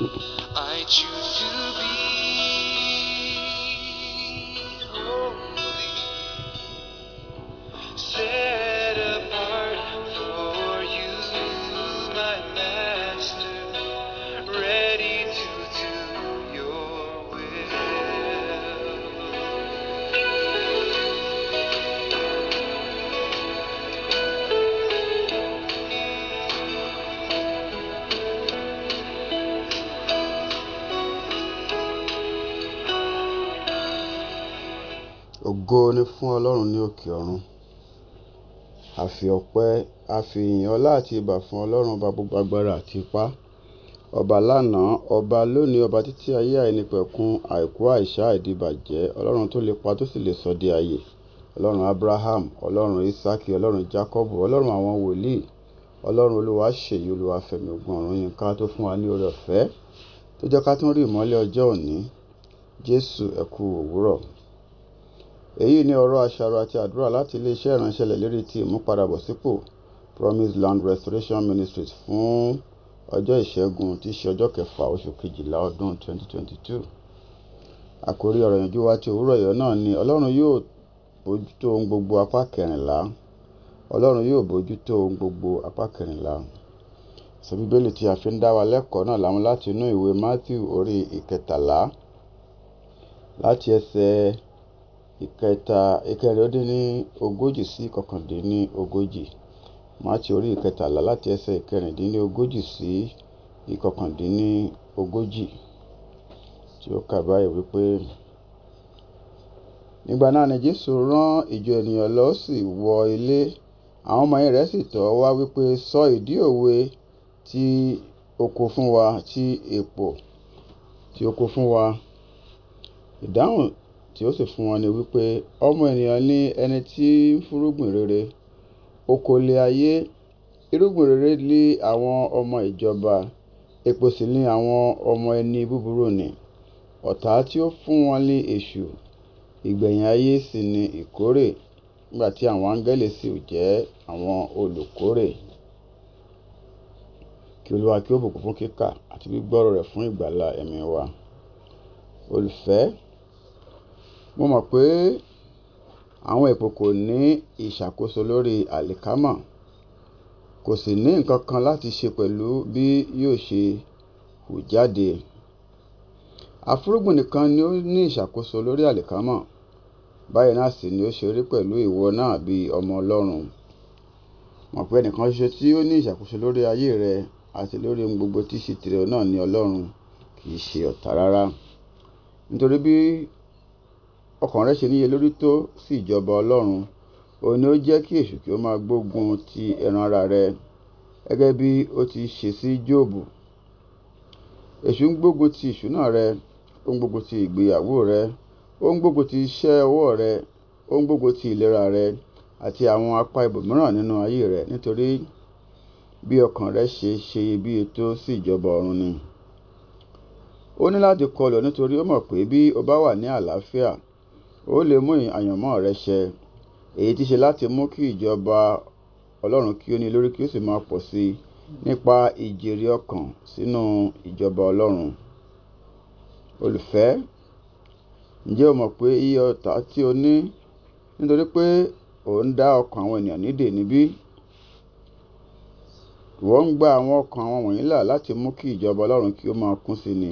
Thank you. Ògo ni fún Ọlọ́run ní òkè ọ̀run. A fi ọpẹ́, a fi ìyìn ọlá àti ìbà fún Ọlọ́run ọba gbogbo agbára àti ipá. Ọba lánàá, ọba lónìí, ọba títí ayé àìnípẹ̀kun, àìkú àìsà àìdíbàjẹ́, Ọlọ́run tó lè pa tó sì lè sọ di ayé. Ọlọ́run Abraham, Ọlọ́run Isaki, Ọlọ́run Jacob, Ọlọ́run àwọn wòlíì, Ọlọ́run Olúwaṣeyì, Olúwafẹ́mi Ògúnọ̀run Yínká tó fún wa ní oore ọ̀fẹ́ tó jẹ́ ká tún rí ìmọ́lẹ̀ ọjọ́ òní. Jésù ẹ kú òwúrọ̀. Èyí ni ọ̀rọ̀ àṣàrò àti àdúrà láti iléeṣẹ́ ìránṣẹ́ lérí ti ìmúpadàbọ̀sípò Promise Land Restoration Ministries fún ọjọ́ Ìṣẹ́gun tí í ṣe ọjọ́ kẹfà oṣù kejìlá ọdún 2022. Àkórí ọ̀rọ̀ ìyànjú wa ti òwúrọ̀ yọ náà ni Ọlọ́run yóò bójútó ohun gbogbo apá kẹrìnlá. Ọlọ́run yóò bójútó ohun gbogbo apá kẹrìnlá. Ìṣe Bíbélì tí a fi ń dá wa lẹ́kọ̀ọ́ náà láwọn láti inú ìwé Matthew orí ìkẹtàlá láti ẹsẹ̀ ìkẹrìndínlógójì sí ìkọkàndínlógójì. Mátíù orí ìkẹtàlá láti ẹsẹ̀ ìkẹrìndínlógójì sí ìkọkàndínlógójì tí ó kà báyìí wípé, Nígbà náà ni Jésù rán ìjọ ènìyàn lọ ó sì wọ ilé, àwọn ọmọ-ẹ̀yìn rẹ̀ sì tọ̀ ọ́ wá wípé, Sọ ìdí òwe tí o kọ fún wa tí èpò tí o kọ fún wa. Ìdáhùn tí ó sì fún wọn ní wípé, Ọmọ ènìyàn ni ẹni tí ń fúnrúgbìn rere, oko ilẹ̀ ayé, irúgbìn rere ni àwọn ọmọ ìjọba, èpò sì ni àwọn ọmọ ẹni búburú nì. Ọ̀tá tí ó fún wọn ni Èṣù, ìgbẹ̀yìn ayé sì ni ìkórè, nígbà tí àwọn áńgẹ́lì sì jẹ́ àwọn olùkórè. Kí Olúwa kí ó bùkún fún kíkà àti gbígbọ́ rẹ̀ fún ìgbàlà ẹ̀mí wa. Olùfẹ́ Mo mọ̀ pé àwọn èpò kò ní ìṣàkóso lórí àlìkámà, kò sì ní nǹkan kan láti ṣe pẹ̀lú bí yóò ṣe hù jáde. Afúrúgbìn nìkan ni ó ní ìṣàkóso lórí àlìkámà, báyìí náà sì ni ó ṣe rí pẹ̀lú ìwọ náà bí ọmọ Ọlọ́run. Mọ̀ pé ẹnìkan ṣoṣo tí ó ní ìṣàkóso lórí ayé rẹ àti lórí ohun gbogbo tí ṣe tìrẹ náà ni Ọlọ́run, kì í ṣe ọ̀tá rárá. Nítorí bí ọkàn rẹ̀ ṣe níye lórí tó sí ìjọba Ọlọ́run, òun ni ó jẹ́ kí èṣù kí ó máa gbógun ti ẹran ara rẹ̀, gẹ́gẹ́ bí ó ti ṣe sí Jobu. Èṣù ń gbógun ti ìṣúná rẹ, ó ń gbógun ti ìgbéyàwó rẹ, ó ń gbógun ti iṣẹ́ ọwọ́ rẹ, ó ń gbógun ti ìlera rẹ àti àwọn apá ibòmíràn nínú ayé rẹ nítorí bí ọkàn rẹ ṣe ṣe iyebíye tó sí ìjọba ọ̀run ni. Ó ní láti kọlù nítorí ó mọ̀ pé bí ó bá wà ní àlàáfíà, ó lè mú àyànmọ́ rẹ ṣẹ. Èyí tí ṣe láti mú kí ìjọba Ọlọ́run kí ó ní lórí kí ó sì máa pọ̀ sí i nípa ìjèrè ọkàn sínú ìjọba Ọlọ́run. Olùfẹ́, ǹjẹ́ o mọ̀ pé iye ọ̀tá tí o ní nítorí pé ò ń dá ọkàn àwọn ènìyàn nídè níbí? Ìwọ ń gba àwọn ọkàn àwọn wọ̀nyí là láti mú kí ìjọba Ọlọ́run kí ó máa kún sí ni.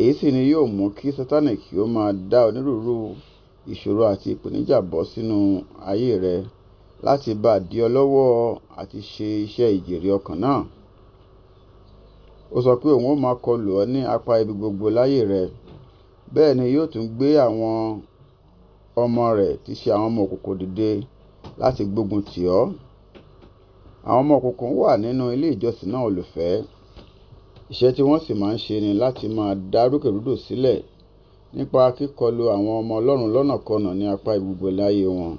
Èyí sì ni yóò mú kí Satani kí ó máa dá onírúurú ìṣòro àti ìpèníjà bọ́ sínú ayé rẹ láti bá dí ọ lọ́wọ́ àti ṣe iṣẹ́ ìjèrè ọkàn náà. Ó sọ pé òun ó máa kọlù ọ ní apá ibi gbogbo láyé rẹ. Bẹ́ẹ̀ ni yóò tún gbé àwọn ọmọ rẹ̀ tí ṣe àwọn ọmọ òkùnkùn dìde láti gbógun tì ọ́. Àwọn ọmọ òkùnkùn wà nínú ilé ìjọsìn náà olùfẹ́. Iṣẹ́ tí wọ́n sì máa ń ṣe ni láti máa dá rúkèrúdò sílẹ̀ nípa kíkọlu àwọn ọmọ Ọlọ́run lọ́nàkọnà ní apá ibùgbé láyé wọn.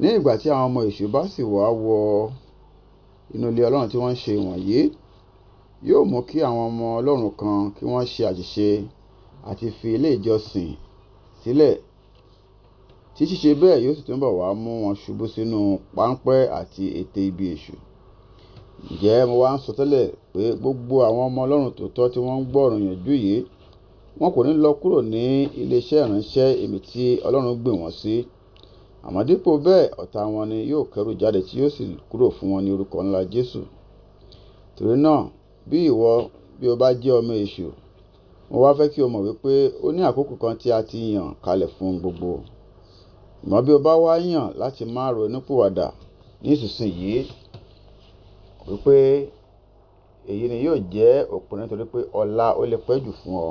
Ní ìgbà tí àwọn ọmọ èṣù bá sì wá wọ inú ilé Ọlọ́run tí wọ́n ń ṣe ìwọ̀nyí, yóò mú kí àwọn ọmọ Ọlọ́run kan kí wọ́n ṣe àṣìṣe àti fi ilé ìjọsìn sílẹ̀, tí ṣíṣe bẹ́ẹ̀ yóò sì túbọ̀ wá mú wọn ṣubú sínú páńpẹ́ àti ètè ibi èṣù. Ǹjẹ́ mo wá ń sọtẹ́lẹ̀ pé gbogbo àwọn ọmọ Ọlọ́run tòótọ́ tí wọ́n ń gbọ́ ọ̀rọ̀ ìyànjú yìí Wọn kò ní lọ kúrò ní iléeṣẹ́ ìránṣẹ́ ibi tí Ọlọ́run gbìn wọ́n sí. Àmọ́ dípò bẹ́ẹ̀ ọ̀tá wọn ni yóò kẹ́rù jáde tí yóò sì kúrò fún wọn ní orúkọ ńlá Jesu. Torí náà bí ìwọ bí o bá jẹ́ ọmọ Èṣù, mo wá fẹ́ kí o mọ̀ wípé ó ní àkókò kan tí a ti yàn kalẹ̀ fún ohun gbogbo. Ṣùgbọ́n bí o bá wá yàn láti máa ronúpìwàdà ní ìsinsìnyí wípé èyí ni yóò jẹ́ òpin nítorí pé ọ̀la ó lè pẹ́ jù fún ọ.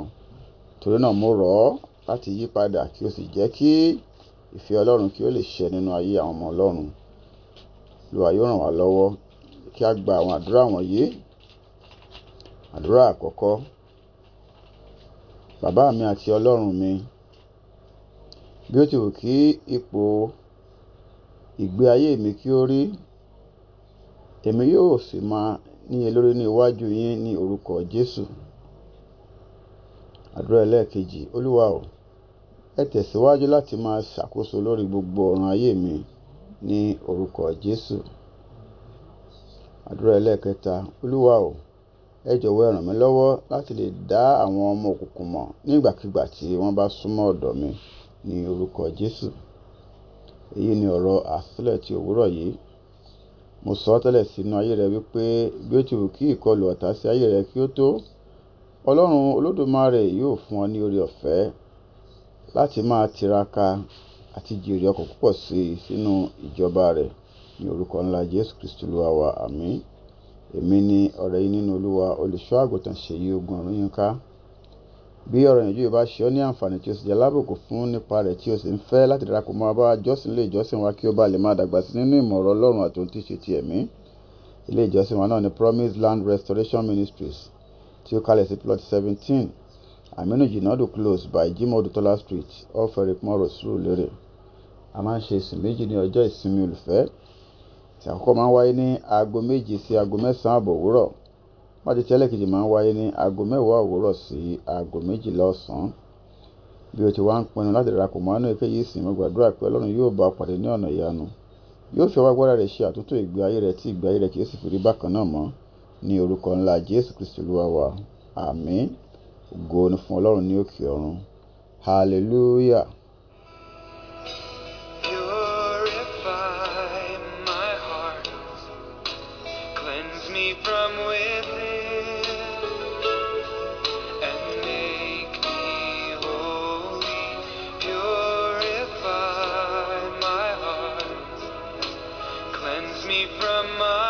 Torí náà mo rọ̀ ọ́ láti yí padà kí o sì jẹ́ kí ìfẹ́ Ọlọ́run kí ó lè ṣẹ nínú ayé àwọn ọmọ Ọlọ́run. Olúwa yóò ràn wá lọ́wọ́ kí a gba àwọn àdúrà wọ̀nyí. Àdúrà àkọ́kọ́. Bàbá mi àti Ọlọ́run mi, bí ó ti wù kí ipò ìgbé ayé mi kí ó rí, èmi yóò sì máa níyè lórí ní iwájú yín ní orúkọ Jésù. Àdúrà ẹlẹ́ẹ̀kejì, Olúwa o, ẹ tẹ̀síwájú láti máa ṣàkóso lórí gbogbo ọ̀ràn ayé mi ní orúkọ Jésù. Àdúrà ẹlẹ́ẹ̀kẹta, Olúwa o, ẹ jọ̀wọ́ ẹ ràn mí lọ́wọ́ láti lè dá àwọn ọmọ òkùnkùn mọ̀ nígbàkigbà tí wọ́n bá súnmọ́ ọ̀dọ̀ mi ní orúkọ Jésù. Èyí ni ọ̀rọ̀ àṣílẹ̀ ti òwúrọ̀ yìí. Mo sọ tẹ́lẹ̀ sínú ayé rẹ wípé bí ó ti wù kí ìkọlù ọ̀tá sí ayé rẹ kí ó tó ọlọ́run olódùmarè yóò fún ọ ní oore ọ̀fẹ́ láti máa tiraka àti jèrè ọkọ̀ púpọ̀ sí i sínú ìjọba rẹ̀ ní orúkọ ńlá jésù kristu olúwa wa àmín èmi ni ọ̀rẹ́ yín nínú olúwa olùṣọ́ àgùntàn ṣèyí ogun ọ̀run yín ká bí ọ̀rọ̀ yẹn yóò bá ṣe ọ́ ní àǹfààní tí o sì jẹ́ alábòkú fún nípa rẹ̀ tí o sì ń fẹ́ láti darapọ̀ mọ́ abá jọ́sìn ilé ìjọsìn wa kí o bá lè máa dàgbà sí nínú ìmọ̀ ọlọ́run àti ohun tí í ṣe ti ẹ̀mí ilé ìjọsìn wa náà ni promise land restoration ministries tí ó kalẹ̀ sí plot seventeen aminu jinadu close by jimoh odutola street off eric morrow sùúrù lérè a máa ń ṣe ìsìn méjì ní ọjọ́ ìsinmi olùfẹ́ tí àkọ́kọ́ máa ń wáyé ní aago méje sí aago mẹ́sàn-án àbọ̀ òwúrọ̀ pàtí tí ẹlẹ́kejì máa ń wáyé ní aago mẹ́wàá òwúrọ̀ sí aago méjìlá ọ̀sán bí o ti wá ń pinnu láti darapọ̀ mọ́ àánú èkéyìí ìsìn mo gbàdúrà pé ọlọ́run yóò bá pàdé ní ọ̀nà ìyanu yóò fi ọwọ́ agbára rẹ̀ ṣe àtúntò ìgbé ayé rẹ tí ìgbé ayé rẹ kì yóò sì fi rí bákan náà mọ́ Ní orúkọ ńlá Jésù Kristi Olúwa wa. Àmín. Ògo fún Ọlọ́run ní òkè ọ̀run. Hallelujah. me from my